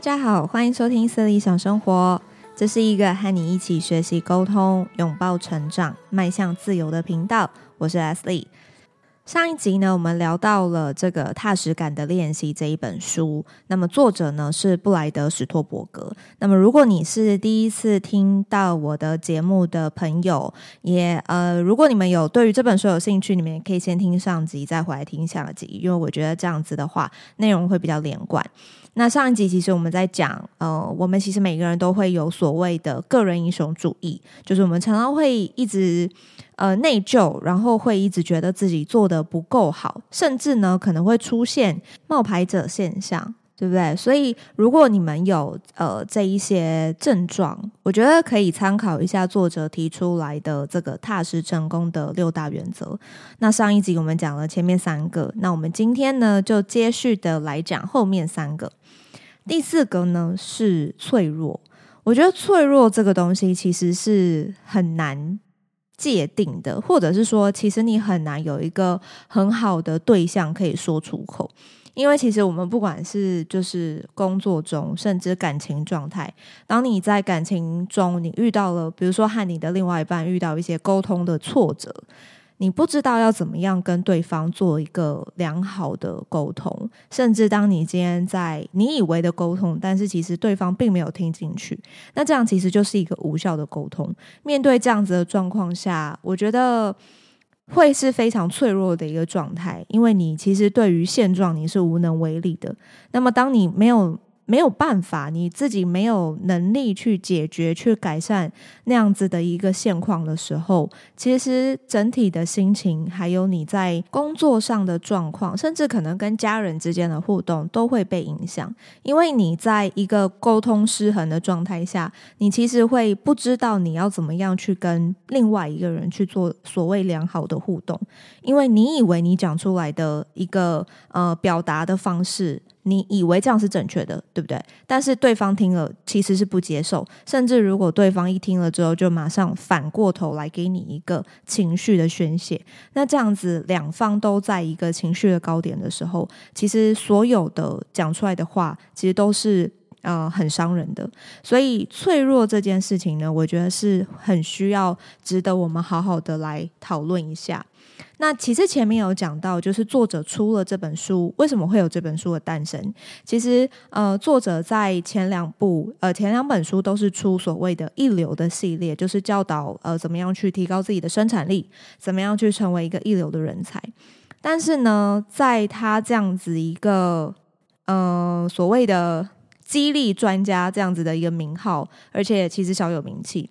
大家好，歡迎收聽 Lesley 小生活。這是一個和你一起學習、溝通、擁抱成長、邁向自由的頻道。我是 Lesley。上一集呢，我們聊到了這個踏實感的練習這一本書。那麼作者呢，是布萊德·史托伯格。那麼如果你是第一次聽到我的節目的朋友，也呃，如果你們有對於這本書有興趣，你們也可以先聽上集，再回來聽下集，因為我覺得這樣子的話，內容會比較連貫。那上一集其實我們在講，呃，我們其實每個人都會有所謂的個人英雄主義，就是我們常常會一直。呃，內疚，然後會一直覺得自己做得不夠好，甚至呢可能會出現冒牌者現象，對不對？所以，如果你們有呃這一些症狀，我覺得可以參考一下作者提出來的這個踏實成功的六大原則。那上一集我們講了前面三個，那我們今天呢就接續的來講後面三個。第四個呢是脆弱，我覺得脆弱這個東西其實是很難。界定的，或者是說，其實你很難有一個很好的對象可以說出口，因為其實我們不管是就是工作中，甚至感情狀態，當你在感情中，你遇到了，比如說和你的另外一半遇到一些溝通的挫折。你不知道要怎麼樣跟對方做一個良好的溝通，甚至當你今天在你以為的溝通，但是其實對方並沒有聽進去，那這樣其實就是一個無效的溝通。面對這樣子的狀況下，我覺得會是非常脆弱的一個狀態，因為你其實對於現狀你是無能為力的。那麼，當你沒有。沒有辦法，你自己沒有能力去解決、去改善那樣子的一個現況的時候，其實整體的心情，還有你在工作上的狀況，甚至可能跟家人之間的互動都會被影響，因為你在一個溝通失衡的狀態下，你其實會不知道你要怎麼樣去跟另外一個人去做所謂良好的互動，因為你以為你講出來的一個，呃，表達的方式。你以為這樣是正確的，對不對？但是對方聽了其實是不接受，甚至如果對方一聽了之後，就馬上反過頭來給你一個情緒的宣洩，那這樣子兩方都在一個情緒的高點的時候，其實所有的講出來的話，其實都是。呃，很傷人的，所以脆弱這件事情呢，我覺得是很需要值得我們好好的來討論一下。那其實前面有講到，就是作者出了這本書，為什麼會有這本書的誕生？其實，呃，作者在前兩部，呃，前兩本書都是出所謂的一流的系列，就是教導呃怎麼樣去提高自己的生產力，怎麼樣去成為一個一流的人才。但是呢，在他這樣子一個呃所謂的。激勵專家這樣子的一個名號，而且其實小有名氣，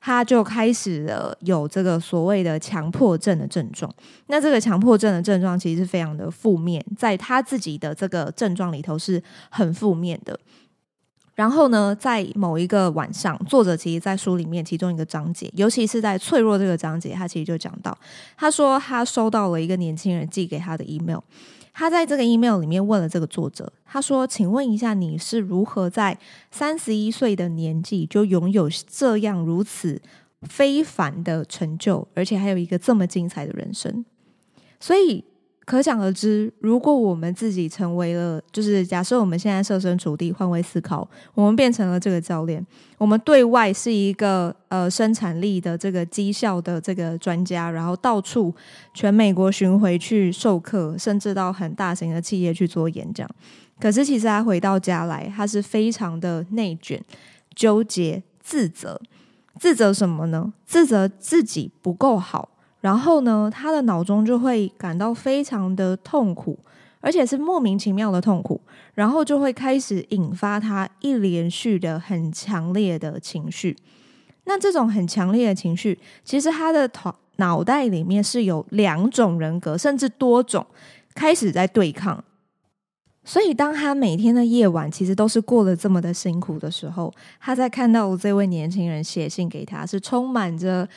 他就開始了有這個所謂的強迫症的症狀。那這個強迫症的症狀其實是非常的負面，在他自己的這個症狀裡頭是很負面的。然後呢，在某一個晚上，作者其實，在書裡面其中一個章節，尤其是在脆弱這個章節，他其實就講到，他說他收到了一個年輕人寄給他的 email。他在這個 email 裡面問了這個作者，他說：“請問一下，你是如何在三十一歲的年紀就擁有這樣如此非凡的成就，而且還有一個這麼精彩的人生？”所以。可想而知，如果我們自己成為了，就是假設我們現在設身處地換位思考，我們變成了這個教練，我們對外是一個呃生產力的這個績效的這個專家，然後到處全美國巡迴去授課，甚至到很大型的企業去做演講。可是其實他回到家來，他是非常的內卷、糾結、自責，自責什麼呢？自責自己不夠好。然後呢，他的腦中就會感到非常的痛苦，而且是莫名其妙的痛苦，然後就會開始引發他一連續的很強烈的情緒。那這種很強烈的情緒，其實他的頭腦袋裡面是有兩種人格，甚至多種開始在對抗。所以，當他每天的夜晚其實都是過得這麼的辛苦的時候，他在看到這位年輕人寫信給他，是充滿着。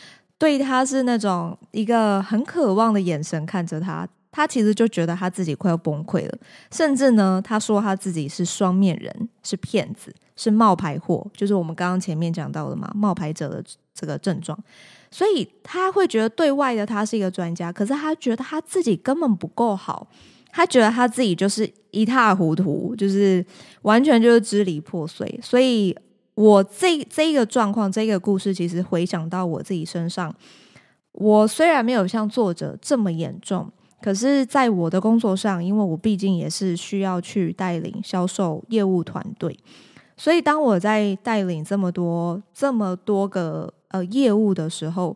對他是那種一個很渴望的眼神看着他，他其實就覺得他自己快要崩潰了。甚至呢，他說他自己是雙面人，是騙子，是冒牌貨，就是我們剛剛前面講到的嘛，冒牌者的這個症狀。所以他會覺得，對外的他是一個專家，可是他覺得他自己根本不夠好，他覺得他自己就是一塌糊塗，就是完全就是支離破碎，所以。我這這個狀況，這個故事其實回想到我自己身上。我雖然沒有像作者這麼嚴重，可是，在我的工作上，因為我畢竟也是需要去帶領銷售業務團隊，所以當我在帶領這麼多、這麼多個呃業務的時候，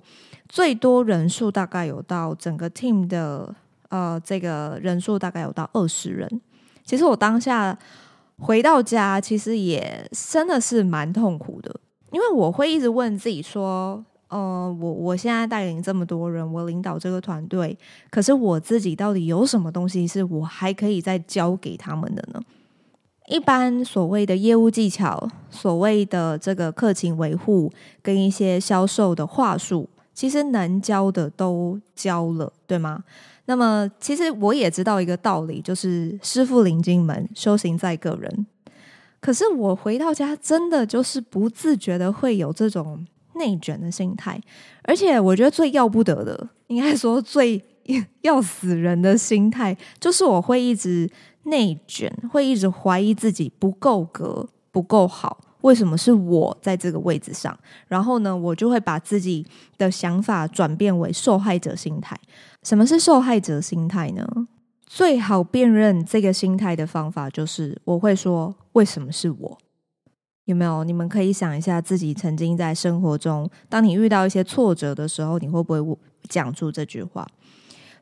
最多人數大概有到整個 team 的呃這個人數大概有到二十人。其實我當下。回到家，其實也真的是蠻痛苦的，因為我會一直問自己說：“呃，我我現在帶領這麼多人，我領導這個團隊，可是我自己到底有什麼東西是我還可以再教給他們的呢？”一般所謂的業務技巧、所謂的這個客情維護跟一些銷售的話術，其實能教的都教了，對嗎？那麼，其實我也知道一個道理，就是師傅領進門，修行在個人。可是我回到家，真的就是不自覺的會有這種內卷的心態，而且我覺得最要不得的，應該說最要死人的心態，就是我會一直內卷，會一直懷疑自己不夠格、不夠好。為什麼是我在這個位置上？然後呢，我就會把自己的想法轉變為受害者心態。什麼是受害者心態呢？最好辨認這個心態的方法就是，我會說：“為什麼是我？”有沒有？你們可以想一下，自己曾經在生活中，當你遇到一些挫折的時候，你會不會講出這句話？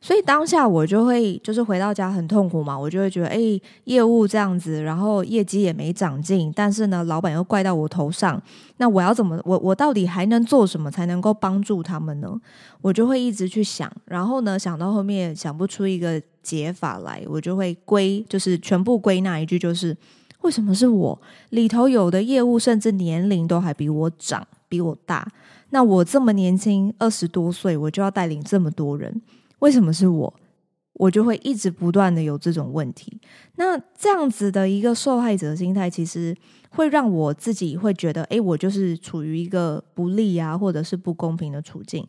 所以當下我就會就是回到家很痛苦嘛，我就會覺得，哎、欸，業務這樣子，然後業績也沒長進，但是呢，老闆又怪到我頭上，那我要怎麼，我我到底還能做什麼才能夠幫助他們呢？我就會一直去想，然後呢，想到後面想不出一個解法來，我就會歸，就是全部歸納一句，就是為什麼是我？裡頭有的業務甚至年齡都還比我長，比我大，那我這麼年輕二十多歲，我就要帶領這麼多人。為什麼是我？我就會一直不斷的有這種問題。那這樣子的一個受害者心態，其實會讓我自己會覺得，誒，我就是處於一個不利啊，或者是不公平的處境，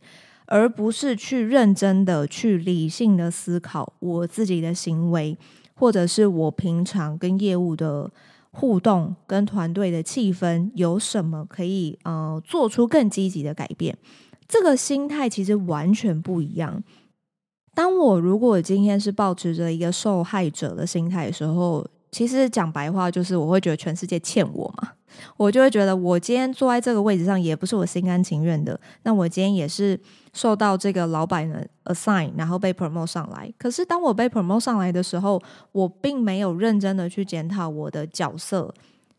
而不是去認真的去理性的思考我自己的行為，或者是我平常跟業務的互動、跟團隊的氣氛有什麼可以呃做出更積極的改變。這個心態其實完全不一樣。當我如果今天是抱持着一個受害者的心態的時候，其實講白話就是我會覺得全世界欠我嘛，我就會覺得我今天坐在這個位置上也不是我心甘情願的。那我今天也是受到這個老闆的 assign，然後被 promote 上來。可是當我被 promote 上來的時候，我並沒有認真的去檢討我的角色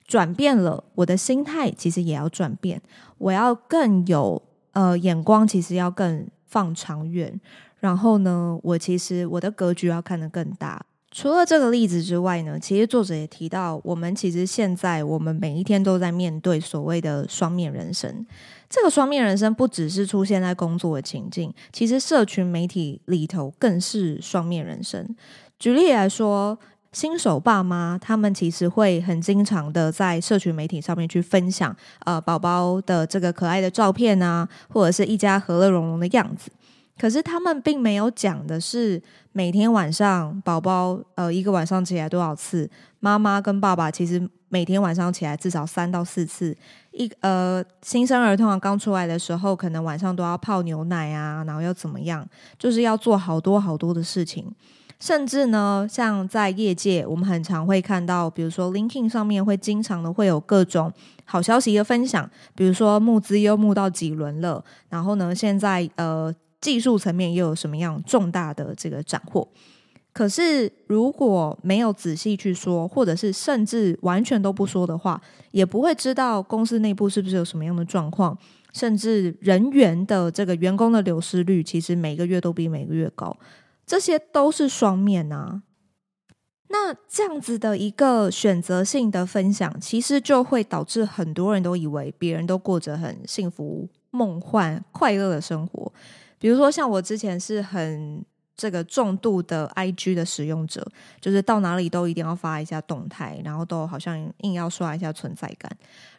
轉變了，我的心態其實也要轉變，我要更有呃眼光，其實要更放長遠。然後呢，我其實我的格局要看得更大。除了這個例子之外呢，其實作者也提到，我們其實現在我們每一天都在面對所謂的雙面人生。這個雙面人生不只是出現在工作的情境，其實社群媒體裡頭更是雙面人生。舉例來說，新手爸媽他們其實會很經常的在社群媒體上面去分享，呃，寶寶的這個可愛的照片啊，或者是一家和樂融融的樣子。可是他們並沒有講的是每天晚上寶寶呃一個晚上起來多少次，媽媽跟爸爸其實每天晚上起來至少三到四次。一呃，新生兒通常、啊、剛出來的時候，可能晚上都要泡牛奶啊，然後又怎麼樣，就是要做好多好多的事情。甚至呢，像在業界，我們很常會看到，比如說 LinkedIn 上面會經常的會有各種好消息的分享，比如說募資又募到幾輪了，然後呢，現在呃。技術層面又有什麼樣重大的這個斬獲？可是如果沒有仔細去說，或者是甚至完全都不說的話，也不會知道公司內部是不是有什麼樣的狀況，甚至人員的這個員工的流失率，其實每個月都比每個月高，這些都是雙面啊。那這樣子的一個選擇性的分享，其實就會導致很多人都以為別人都過着很幸福、夢幻、快樂的生活。比如說，像我之前是很這個重度的 IG 的使用者，就是到哪裡都一定要發一下動態，然後都好像硬要刷一下存在感。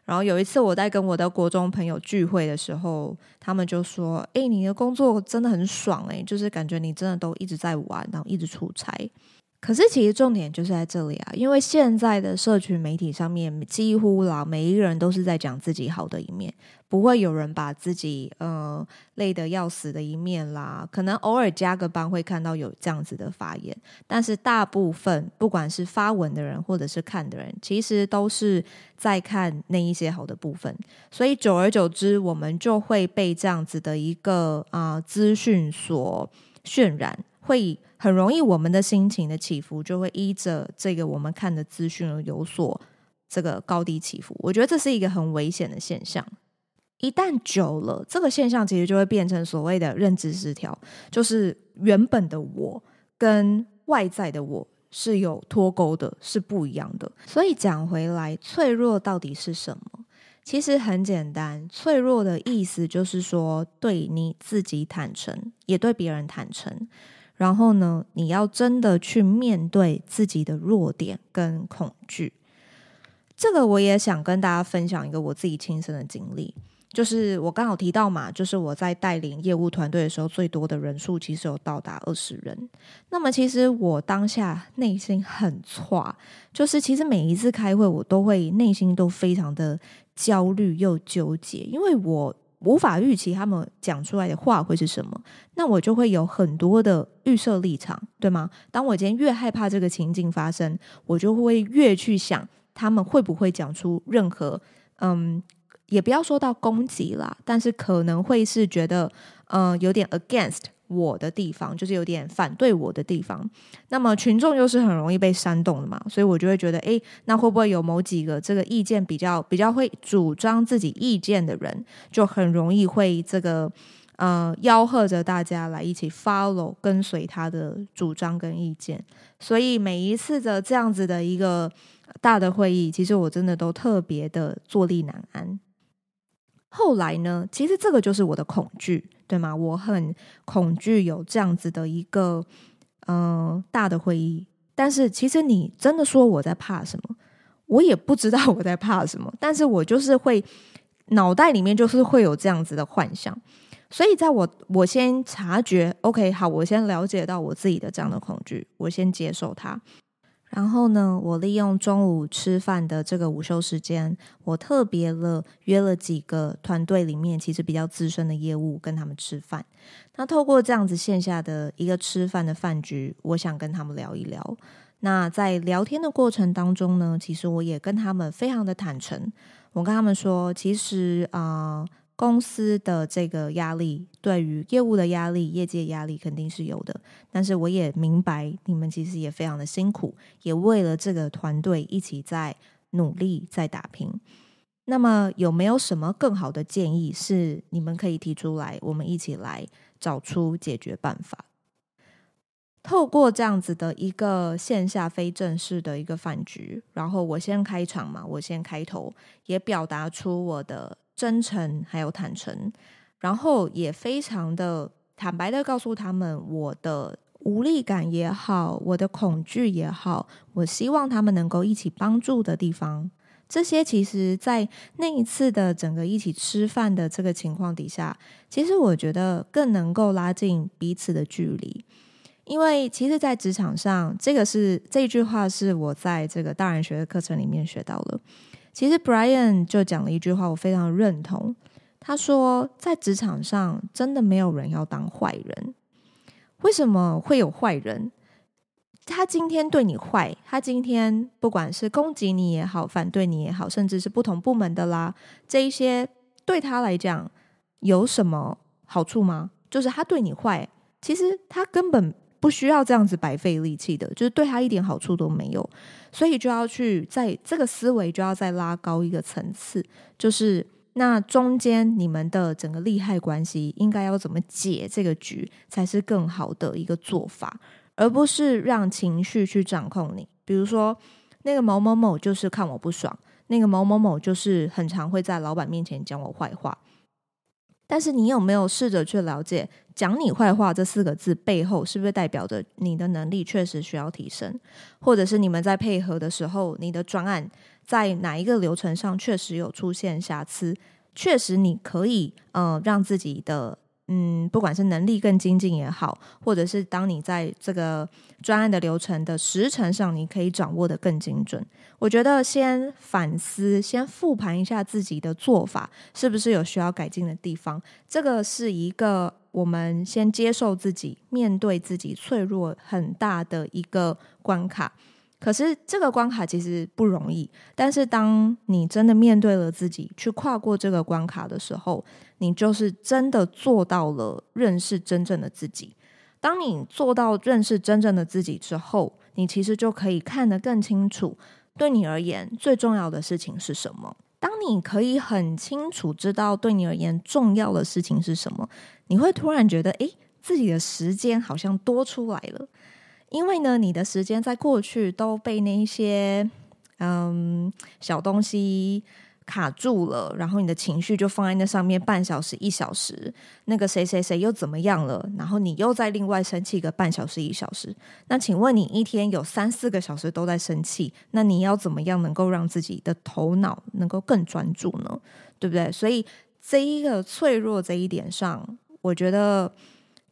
然後有一次我在跟我的國中朋友聚會的時候，他們就說：“欸，你的工作真的很爽欸，就是感覺你真的都一直在玩，然後一直出差。”可是其實重點就是在這裡啊，因為現在的社群媒體上面幾乎啦，每一個人都是在講自己好的一面。不會有人把自己呃累得要死的一面啦，可能偶爾加個班會看到有這樣子的發言，但是大部分不管是發文的人或者是看的人，其實都是在看那一些好的部分，所以久而久之，我們就會被這樣子的一個啊、呃、資訊所渲染，會很容易我們的心情的起伏就會依着這個我們看的資訊有所這個高低起伏，我覺得這是一個很危險的現象。一旦久了，這個現象其實就會變成所謂的認知失調，就是原本的我跟外在的我是有脫鈎的，是不一樣的。所以講回來，脆弱到底是什麼？其實很簡單，脆弱的意思就是說，對你自己坦誠，也對別人坦誠。然後呢，你要真的去面對自己的弱點跟恐懼。這個我也想跟大家分享一個我自己親身的經歷。就是我剛好提到嘛，就是我在帶領業務團隊的時候，最多的人數其實有到達二十人。那麼，其實我當下內心很差，就是其實每一次開會，我都會內心都非常的焦慮又糾結，因為我無法預期他們講出來的話會是什麼，那我就會有很多的預設立場，對嗎？當我今天越害怕這個情境發生，我就會越去想他們會不會講出任何嗯。也不要說到攻擊啦，但是可能會是覺得，嗯、呃，有點 against 我的地方，就是有點反對我的地方。那麼群眾又是很容易被煽動的嘛，所以我就會覺得，哎，那會不會有某幾個這個意見比較比較會主張自己意見的人，就很容易會這個，呃，吆喝着大家來一起 follow 跟隨他的主張跟意見。所以每一次的這樣子的一個大的會議，其實我真的都特別的坐立難安。後來呢，其實這個就是我的恐懼，對嗎？我很恐懼有這樣子的一個呃大的會議。但是其實你真的說我在怕什麼，我也不知道我在怕什麼。但是我就是會腦袋裡面就是會有這樣子的幻想。所以在我我先察覺，OK，好，我先了解到我自己的這樣的恐懼，我先接受它。然後呢，我利用中午吃飯的這個午休時間，我特別了約了幾個團隊裡面其實比較資深的業務跟他們吃飯。那透過這樣子線下的一個吃飯的飯局，我想跟他們聊一聊。那在聊天的過程當中呢，其實我也跟他們非常的坦誠，我跟他們說，其實啊。呃公司的這個壓力，對於業務的壓力、業界壓力肯定是有的。但是我也明白，你們其實也非常的辛苦，也為了這個團隊一起在努力、在打拼。那麼有沒有什麼更好的建議是你們可以提出來，我們一起來找出解決辦法？透過這樣子的一個線下非正式的一個飯局，然後我先開場嘛，我先開頭，也表達出我的。真誠，還有坦誠，然後也非常的坦白地告訴他們我的無力感也好，我的恐懼也好，我希望他們能夠一起幫助的地方。這些其實，在那一次的整個一起吃飯的這個情況底下，其實我覺得更能夠拉近彼此的距離。因為其實，在職場上，這個是這句話是我在這個大人學的課程裡面學到的。其實，Brian 就講了一句話，我非常認同。他說，在職場上，真的沒有人要當壞人。為什麼會有壞人？他今天對你壞，他今天不管是攻擊你也好，反對你也好，甚至是不同部門的啦，這一些對他來講有什麼好處嗎？就是他對你壞，其實他根本。不需要這樣子白費力氣的，就是對他一點好處都沒有，所以就要去在這個思維就要再拉高一個層次，就是那中間你們的整個利害關係應該要怎麼解這個局才是更好的一個做法，而不是讓情緒去掌控你。比如說，那個某某某就是看我不爽，那個某某某就是很常會在老闆面前講我壞話，但是你有沒有試着去了解？講你壞話這四個字背後，是不是代表着你的能力確實需要提升，或者是你們在配合的時候，你的專案在哪一個流程上確實有出現瑕疵？確實你可以，呃，讓自己的，嗯，不管是能力更精進也好，或者是當你在這個專案的流程的時程上，你可以掌握得更精準。我覺得先反思，先復盤一下自己的做法，是不是有需要改進的地方？這個是一個。我們先接受自己，面對自己脆弱很大的一個關卡。可是這個關卡其實不容易。但是當你真的面對了自己，去跨過這個關卡的時候，你就是真的做到了認識真正的自己。當你做到認識真正的自己之後，你其實就可以看得更清楚。對你而言，最重要的事情是什麼？當你可以很清楚知道對你而言重要的事情是什麼，你會突然覺得，誒，自己的時間好像多出來了，因為呢，你的時間在過去都被那一些嗯小東西。卡住了，然後你的情緒就放在那上面半小時一小時，那個誰誰誰又怎麼樣了？然後你又在另外生氣個半小時一小時。那請問你一天有三四個小時都在生氣？那你要怎麼樣能夠讓自己的頭腦能夠更專注呢？對不對？所以這一個脆弱這一點上，我覺得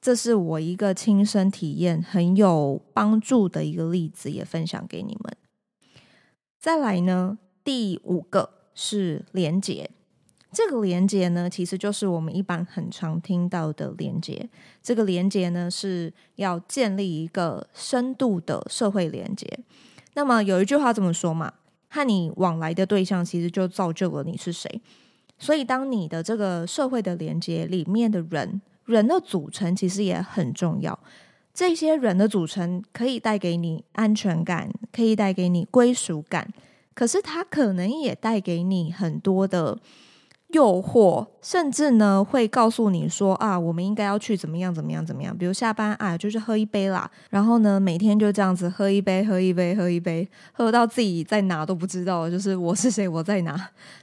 這是我一個親身體驗很有幫助的一個例子，也分享給你們。再來呢，第五個。是連接，這個連接呢，其實就是我們一般很常聽到的連接。這個連接呢，是要建立一個深度的社會連接。那麼有一句話這麼說嘛：“和你往來的對象，其實就造就了你是誰。”所以，當你的這個社會的連接裡面的人，人的組成，其實也很重要。這些人的組成可以帶給你安全感，可以帶給你歸屬感。可是它可能也帶給你很多的誘惑，甚至呢會告訴你說啊，我們應該要去怎麼樣怎麼樣怎麼樣。比如下班啊，就是喝一杯啦。然後呢，每天就這樣子喝一杯，喝一杯，喝一杯，喝到自己在哪都不知道，就是我是誰，我在哪，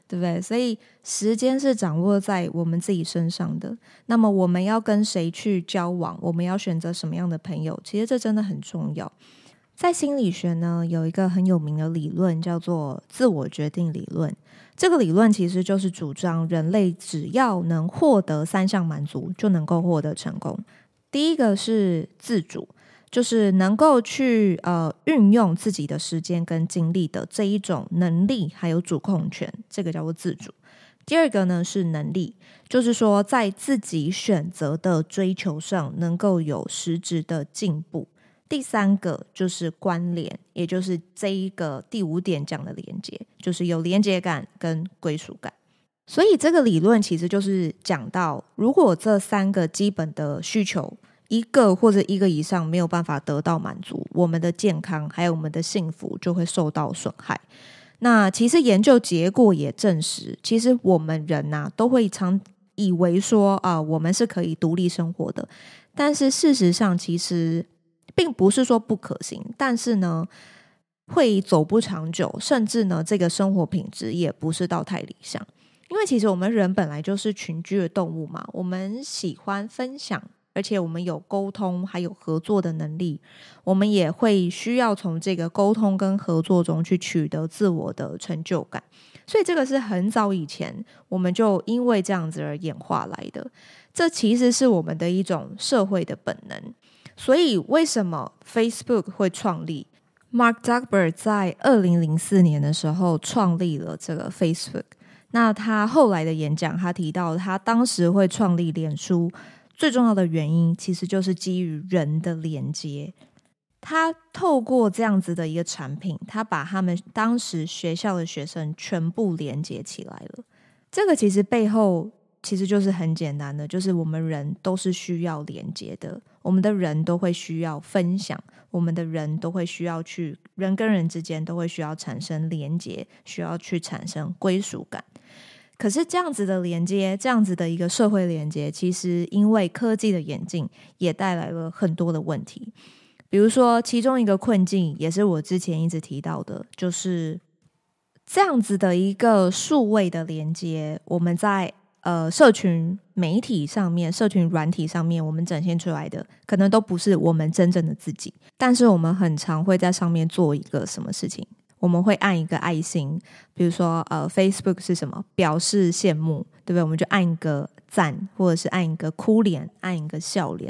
對不對？所以時間是掌握在我們自己身上的。那麼我們要跟誰去交往，我們要選擇什麼樣的朋友，其實這真的很重要。在心理學呢，有一個很有名的理論叫做自我決定理論。這個理論其實就是主張人類只要能獲得三項滿足，就能夠獲得成功。第一個是自主，就是能夠去呃運用自己的時間跟精力的這一種能力，還有主控權，這個叫做自主。第二個呢是能力，就是說在自己選擇的追求上，能夠有實質的進步。第三個就是關聯，也就是這一個第五點講的連接，就是有連接感跟歸屬感。所以這個理論其實就是講到，如果這三個基本的需求一個或者一個以上沒有辦法得到滿足，我們的健康還有我們的幸福就會受到損害。那其實研究結果也證實，其實我們人吶、啊、都會常以為說啊、呃，我們是可以獨立生活的，但是事實上其實。並不是說不可行，但是呢，會走不長久，甚至呢，這個生活品質也不是到太理想。因為其實我們人本來就是群居的動物嘛，我們喜歡分享，而且我們有溝通還有合作的能力，我們也會需要從這個溝通跟合作中去取得自我的成就感。所以這個是很早以前我們就因為這樣子而演化來的，這其實是我們的一種社會的本能。所以，為什麼 Facebook 會創立？Mark Zuckerberg 在二零零四年的時候創立了這個 Facebook。那他後來的演講，他提到他當時會創立臉書最重要的原因，其實就是基於人的連接。他透過這樣子的一個產品，他把他們當時學校的學生全部連接起來了。這個其實背後其實就是很簡單的，就是我們人都是需要連接的。我們的人都會需要分享，我們的人都會需要去，人跟人之間都會需要產生連接，需要去產生歸屬感。可是這樣子的連接，這樣子的一個社會連接，其實因為科技的演進，也帶來了很多的問題。比如說，其中一個困境，也是我之前一直提到的，就是這樣子的一個數位的連接，我們在。呃，社群媒體上面，社群軟體上面，我們展現出來的可能都不是我們真正的自己。但是我們很常會在上面做一個什麼事情？我們會按一個愛心，比如說，呃，Facebook 是什麼？表示羨慕，對不對？我們就按一個讚，或者是按一個哭臉，按一個笑臉。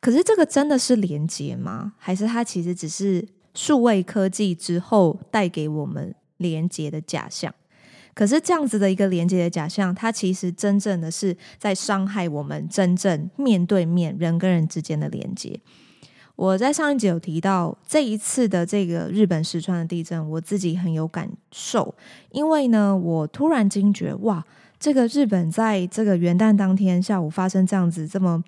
可是這個真的是連結嗎？還是它其實只是數位科技之後帶給我們連結的假象？可是這樣子的一個連接的假象，它其實真正的是在傷害我們真正面對面人跟人之間的連接。我在上一集有提到，這一次的這個日本石川的地震，我自己很有感受，因為呢，我突然驚覺，哇！這個日本在這個元旦當天下午發生這樣子這麼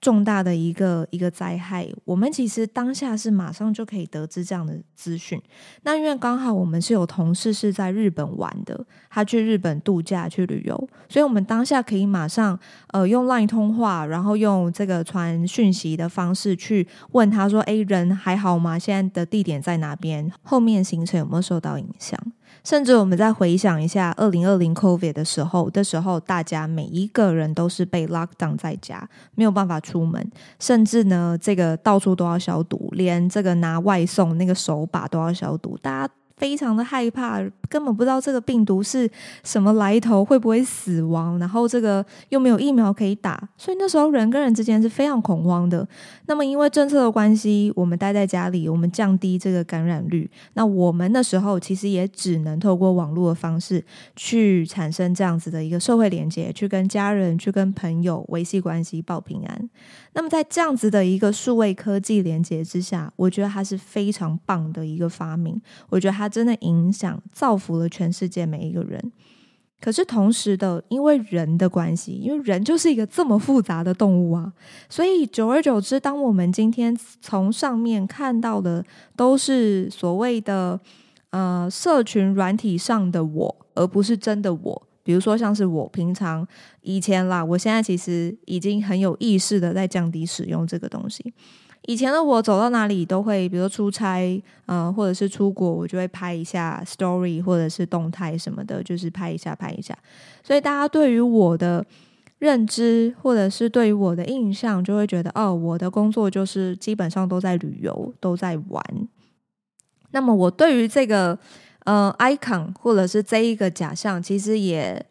重大的一個一個災害，我們其實當下是馬上就可以得知這樣的資訊。那因為剛好我們是有同事是在日本玩的，他去日本度假去旅遊，所以我們當下可以馬上呃用 LINE 通話，然後用這個傳訊息的方式去問他說：哎，人還好嗎？現在的地點在哪邊？後面行程有沒有受到影響？甚至我們再回想一下二零二零 COVID 的時候，的時候，大家每一個人都是被 lockdown 在家，沒有辦法出門，甚至呢，這個到處都要消毒，連這個拿外送那個手把都要消毒，大家，非常的害怕，根本不知道這個病毒是什麼來頭，會不會死亡，然後這個又沒有疫苗可以打，所以那時候人跟人之間是非常恐慌的。那麼因為政策的關係，我們待在家裡，我們降低這個感染率。那我們那時候其實也只能透過網絡的方式去產生這樣子的一個社會連接，去跟家人、去跟朋友維繫關係，報平安。那麼，在這樣子的一個數位科技連接之下，我覺得它是非常棒的一個發明。我覺得它真的影響、造福了全世界每一個人。可是同時的，因為人的關係，因為人就是一個這麼複雜的動物啊，所以久而久之，當我們今天從上面看到的都是所謂的呃社群軟體上的我，而不是真的我。比如說，像是我平常以前啦，我現在其實已經很有意識的在降低使用這個東西。以前的我走到哪裡都會，比如說出差，呃，或者是出國，我就會拍一下 story 或者是動態什麼的，就是拍一下拍一下。所以大家對於我的認知或者是對於我的印象，就會覺得，哦，我的工作就是基本上都在旅遊，都在玩。那麼我對於這個。呃，icon 或者是這一個假象，其實也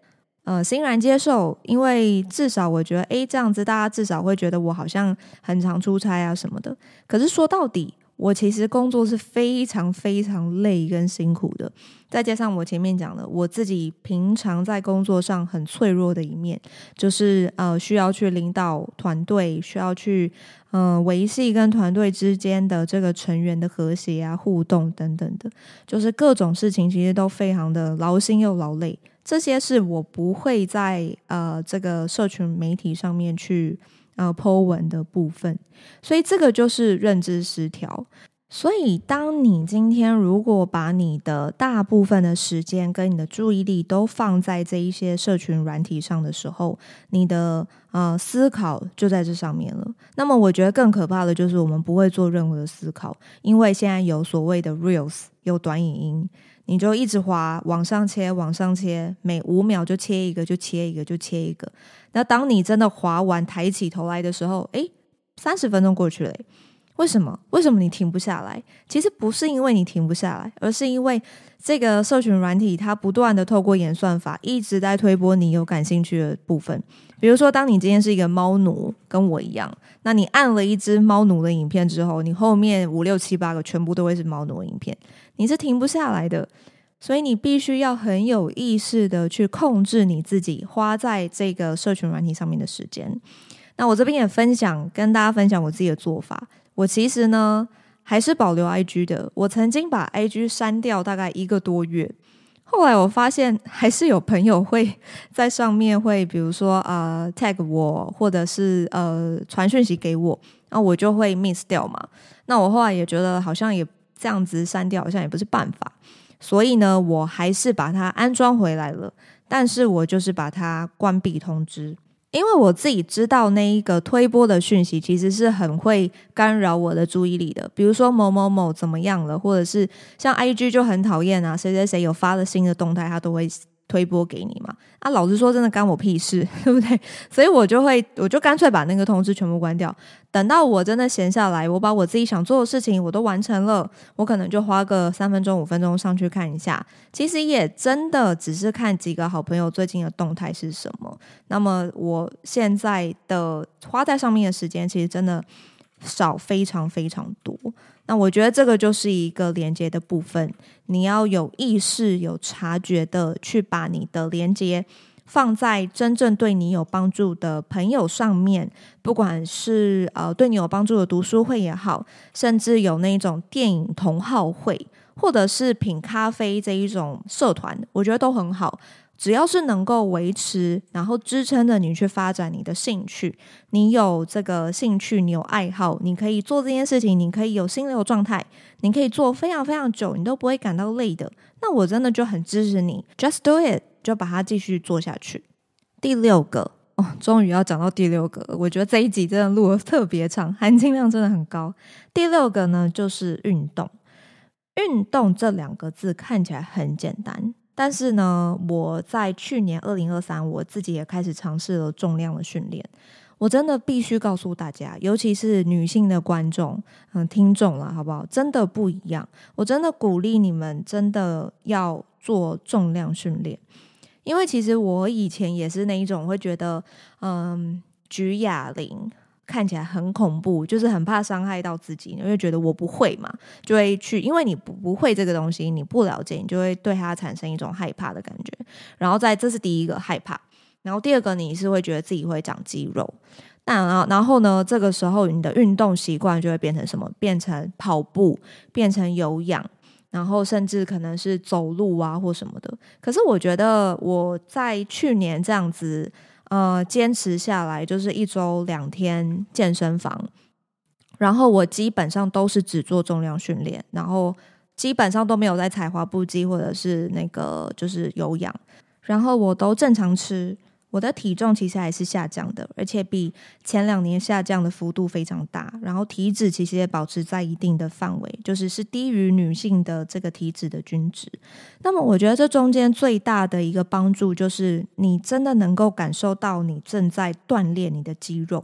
呃欣然接受，因為至少我覺得，哎、欸，這樣子大家至少會覺得我好像很常出差啊什麼的。可是說到底，我其實工作是非常非常累跟辛苦的，再加上我前面講的，我自己平常在工作上很脆弱的一面，就是呃需要去領導團隊，需要去。嗯、呃，維繫跟團隊之間的這個成員的和諧啊、互動等等的，就是各種事情，其實都非常的勞心又勞累。這些是我不會在呃這個社群媒體上面去呃 po 文的部分，所以這個就是認知失調。所以，當你今天如果把你的大部分的時間跟你的注意力都放在這一些社群軟體上的時候，你的呃思考就在這上面了。那麼，我覺得更可怕的就是我們不會做任何的思考，因為現在有所謂的 reels 有短影音，你就一直滑，往上切，往上切，每五秒就切一個，就切一個，就切一個。那當你真的滑完抬起頭來的時候，哎，欸，三十分鐘過去了欸。為什麼？為什麼你停不下來？其實不是因為你停不下來，而是因為這個社群軟體它不斷的透過演算法一直在推播你有感興趣的部分。比如說，當你今天是一個貓奴，跟我一樣，那你按了一隻貓奴的影片之後，你後面五六七八個全部都會是貓奴的影片，你是停不下來的。所以你必須要很有意識的去控制你自己花在這個社群軟體上面的時間。那我這邊也分享，跟大家分享我自己的做法。我其實呢還是保留 IG 的。我曾經把 IG 刪掉大概一個多月，後來我發現還是有朋友會在上面會，比如說啊，呃，tag 我，或者是呃傳訊息給我，那我就會 miss 掉嘛。那我後來也覺得好像也這樣子刪掉好像也不是辦法，所以呢我還是把它安裝回來了，但是我就是把它關閉通知。因為我自己知道，那一個推播的訊息其實是很會干擾我的注意力的。比如說某某某怎麼樣了，或者是像 IG 就很討厭啊，誰誰誰有發了新的動態，他都會。推播給你嘛。啊，老實說，真的干我屁事，對不對？所以我就會，我就乾脆把那個通知全部關掉。等到我真的閒下來，我把我自己想做的事情我都完成了，我可能就花個三分鐘、五分鐘上去看一下。其實也真的只是看幾個好朋友最近的動態是什麼。那麼我現在的花在上面的時間，其實真的。少非常非常多，那我覺得這個就是一個連接的部分。你要有意識、有察覺的去把你的連接放在真正對你有幫助的朋友上面，不管是呃對你有幫助的讀書會也好，甚至有那種電影同好會，或者是品咖啡這一種社團，我覺得都很好。只要是能夠維持，然後支撐着你去發展你的興趣，你有這個興趣，你有愛好，你可以做這件事情，你可以有心流狀態，你可以做非常非常久，你都不會感到累的。那我真的就很支持你，just do it，就把它繼續做下去。第六個哦，終於要講到第六個了，我覺得這一集真的錄得特別長，含金量真的很高。第六個呢，就是運動。運動這兩個字看起來很簡單。但是呢，我在去年二零二三，我自己也開始嘗試了重量的訓練。我真的必須告訴大家，尤其是女性的觀眾，嗯，聽眾了，好不好？真的不一樣。我真的鼓勵你們，真的要做重量訓練，因為其實我以前也是那一種會覺得，嗯，舉啞鈴。看起來很恐怖，就是很怕傷害到自己，因為覺得我不會嘛，就會去。因為你不不會這個東西，你不了解，你就會對它產生一種害怕的感覺。然後在這是第一個害怕，然後第二個你是會覺得自己會長肌肉。那然後然後呢，這個時候你的運動習慣就會變成什麼？變成跑步，變成有氧，然後甚至可能是走路啊或什麼的。可是我覺得我在去年這樣子。呃，堅持下來就是一周兩天健身房，然後我基本上都是只做重量訓練，然後基本上都沒有在踩滑步機或者是那個就是有氧，然後我都正常吃。我的體重其實還是下降的，而且比前兩年下降的幅度非常大。然後體脂其實也保持在一定的範圍，就是是低於女性的這個體脂的均值。那麼我覺得這中間最大的一個幫助就是，你真的能夠感受到你正在鍛鍊你的肌肉。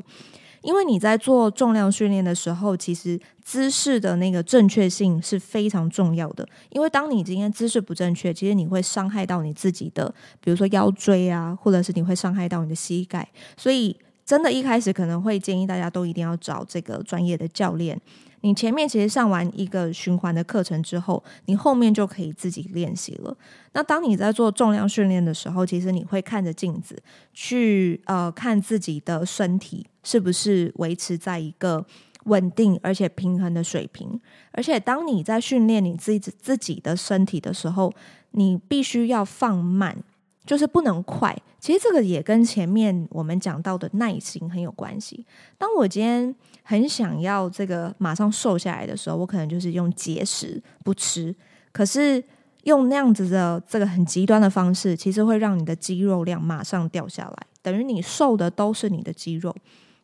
因為你在做重量訓練的時候，其實姿勢的那個正確性是非常重要的。因為當你今天姿勢不正確，其實你會傷害到你自己的，比如說腰椎啊，或者是你會傷害到你的膝蓋。所以，真的，一開始可能會建議大家都一定要找這個專業的教練。你前面其實上完一個循環的課程之後，你後面就可以自己練習了。那當你在做重量訓練的時候，其實你會看着鏡子去呃看自己的身體是不是維持在一個穩定而且平衡的水平。而且當你在訓練你自己自己的身體的時候，你必須要放慢，就是不能快。其實這個也跟前面我們講到的耐心很有關係。當我今天。很想要這個馬上瘦下來的時候，我可能就是用節食不吃。可是用那樣子的這個很極端的方式，其實會讓你的肌肉量馬上掉下來，等於你瘦的都是你的肌肉。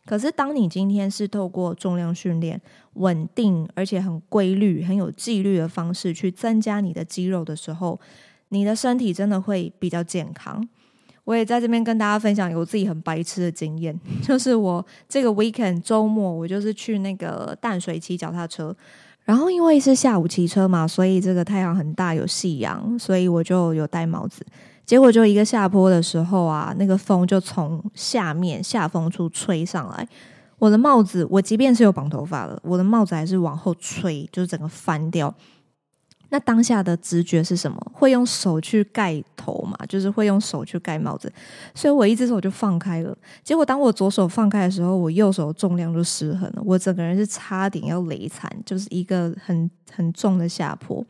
可是當你今天是透過重量訓練，穩定而且很規律、很有紀律的方式去增加你的肌肉的時候，你的身體真的會比較健康。我也在這邊跟大家分享我自己很白痴的經驗，就是我這個 weekend 週末我就是去那個淡水騎腳踏車，然後因為是下午騎車嘛，所以這個太陽很大，有夕陽，所以我就有戴帽子。結果就一個下坡的時候啊，那個風就從下面下風處吹上來，我的帽子，我即便是有綁頭髮了，我的帽子還是往後吹，就是整個翻掉。那當下的直覺是什麼？會用手去蓋頭嘛？就是會用手去蓋帽子，所以我一隻手就放開了。結果當我左手放開的時候，我右手重量就失衡了，我整個人是差點要雷殘，就是一個很很重的下坡。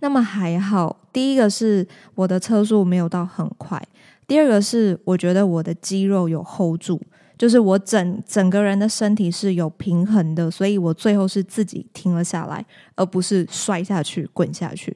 那麼還好，第一個是我的車速沒有到很快，第二個是我覺得我的肌肉有 hold 住。就是我整整個人的身體是有平衡的，所以我最後是自己停了下來，而不是摔下去、滾下去。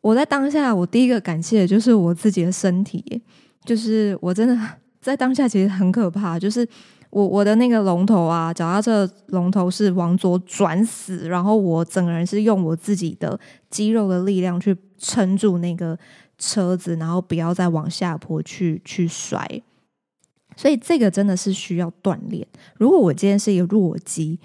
我在當下，我第一個感謝的就是我自己的身體，就是我真的在當下其實很可怕，就是我我的那個龍頭啊，腳踏車的龍頭是往左轉死，然後我整個人是用我自己的肌肉的力量去撐住那個車子，然後不要再往下坡去去摔。所以這個真的是需要鍛鍊。如果我今天是一個弱雞，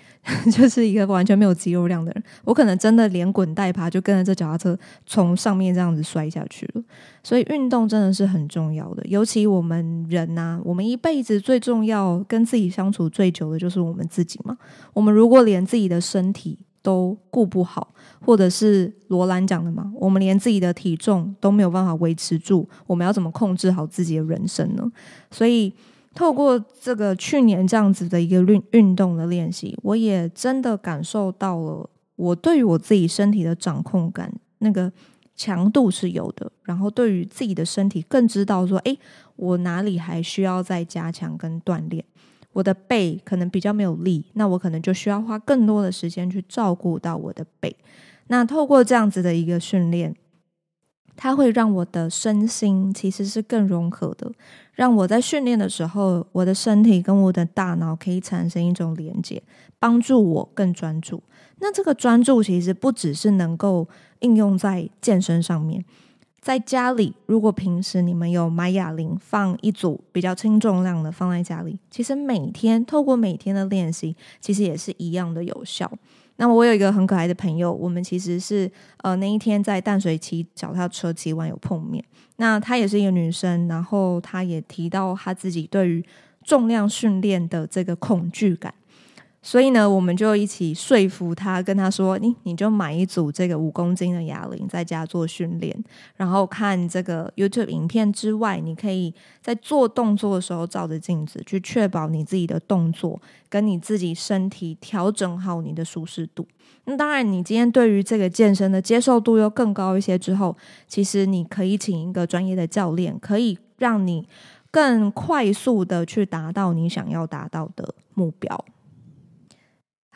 就是一個完全沒有肌肉量的人，我可能真的連滾帶爬就跟着這腳踏車從上面這樣子摔下去了。所以運動真的是很重要的。尤其我們人吶、啊，我們一輩子最重要、跟自己相處最久的就是我們自己嘛。我們如果連自己的身體都顧不好，或者是羅蘭講的嘛，我們連自己的體重都沒有辦法維持住，我們要怎麼控制好自己的人生呢？所以。透過這個去年這樣子的一個運運動的練習，我也真的感受到了我對於我自己身體的掌控感，那個強度是有的。然後對於自己的身體更知道說，哎，我哪裡還需要再加強跟鍛煉，我的背可能比較沒有力，那我可能就需要花更多的時間去照顧到我的背。那透過這樣子的一個訓練。它會讓我的身心其實是更融合的，讓我在訓練的時候，我的身體跟我的大腦可以產生一種連接，幫助我更專注。那這個專注其實不只是能夠應用在健身上面，在家裡，如果平時你們有買啞鈴，放一組比較輕重量的放在家裡，其實每天透過每天的練習，其實也是一樣的有效。那麼我有一個很可愛的朋友，我們其實是呃那一天在淡水騎腳踏車騎完有碰面。那她也是一個女生，然後她也提到她自己對於重量訓練的這個恐懼感。所以呢，我們就一起說服他，跟他說：“你、欸、你就買一組這個五公斤的啞鈴，在家做訓練。然後看這個 YouTube 影片之外，你可以在做動作的時候照着鏡子，去確保你自己的動作跟你自己身體調整好你的舒適度。那當然，你今天對於這個健身的接受度又更高一些之後，其實你可以請一個專業的教練，可以讓你更快速的去達到你想要達到的目標。”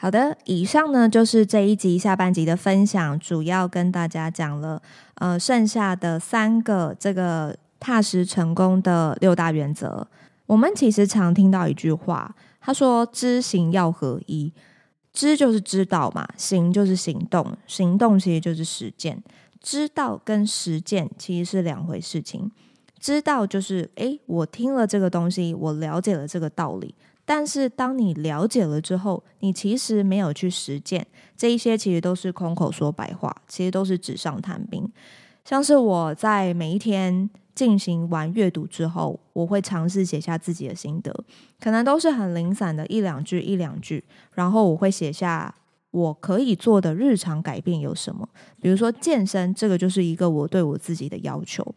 好的，以上呢就是這一集下半集的分享，主要跟大家講了呃剩下的三個這個踏實成功的六大原則。我們其實常聽到一句話，他說“知行要合一”，知就是知道嘛，行就是行動，行動其實就是實踐。知道跟實踐其實是兩回事情。知道就是哎，我聽了這個東西，我了解了這個道理。但是，當你了解了之後，你其實沒有去實踐，這一些其實都是空口說白話，其實都是紙上談兵。像是我在每一天進行完閱讀之後，我會嘗試寫下自己的心得，可能都是很零散的一兩句、一兩句。然後我會寫下我可以做的日常改變有什麼，比如說健身，這個就是一個我對我自己的要求。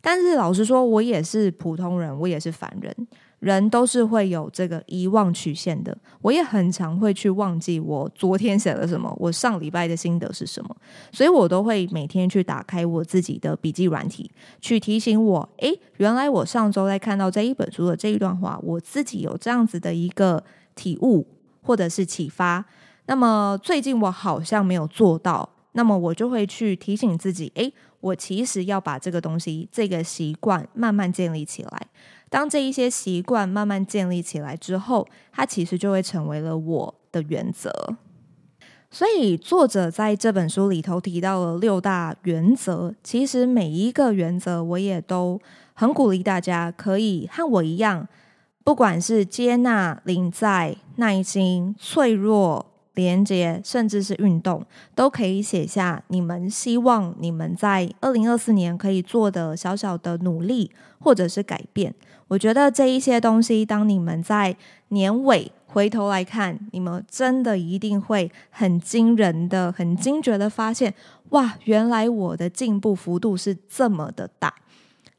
但是老實說，我也是普通人，我也是凡人。人都是會有這個遺忘曲線的，我也很常會去忘記我昨天寫了什麼，我上禮拜的心得是什麼，所以我都會每天去打開我自己的筆記軟體，去提醒我，誒，原來我上周在看到這一本書的這一段話，我自己有這樣子的一個體悟或者是啟發，那麼最近我好像沒有做到，那麼我就會去提醒自己，誒，我其實要把這個東西，這個習慣慢慢建立起來。當這一些習慣慢慢建立起來之後，它其實就會成為了我的原則。所以作者在這本書裡頭提到了六大原則，其實每一個原則我也都很鼓勵大家可以和我一樣，不管是接納、臨在、耐心、脆弱、連接，甚至是運動，都可以寫下你們希望你們在二零二四年可以做的小小的努力或者是改變。我覺得這一些東西，當你們在年尾回頭來看，你們真的一定會很驚人的、很驚覺的發現，哇，原來我的進步幅度是這麼的大。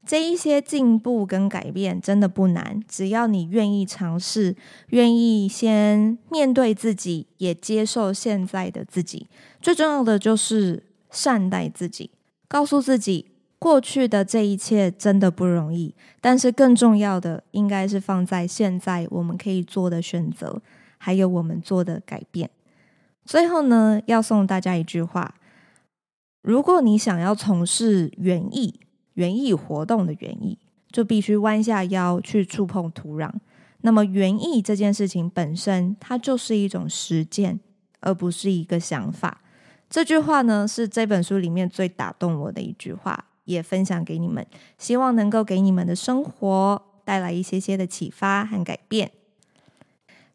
這一些進步跟改變真的不難，只要你願意嘗試，願意先面對自己，也接受現在的自己。最重要的就是善待自己，告訴自己。過去的這一切真的不容易，但是更重要的應該是放在現在我們可以做的選擇，還有我們做的改變。最後呢，要送大家一句話：如果你想要從事園藝，園藝活動的園藝，就必須彎下腰去觸碰土壤。那麼，園藝這件事情本身，它就是一種實踐，而不是一個想法。這句話呢，是這本書裡面最打動我的一句話。也分享給你們，希望能夠給你們的生活帶來一些些的啟發和改變。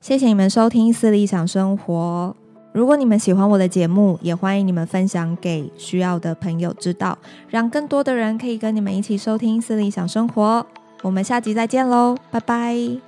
謝謝你們收聽《思理想生活》。如果你們喜歡我的節目，也歡迎你們分享給需要的朋友知道，讓更多的人可以跟你們一起收聽《思理想生活》。我們下集再見嘍，拜拜。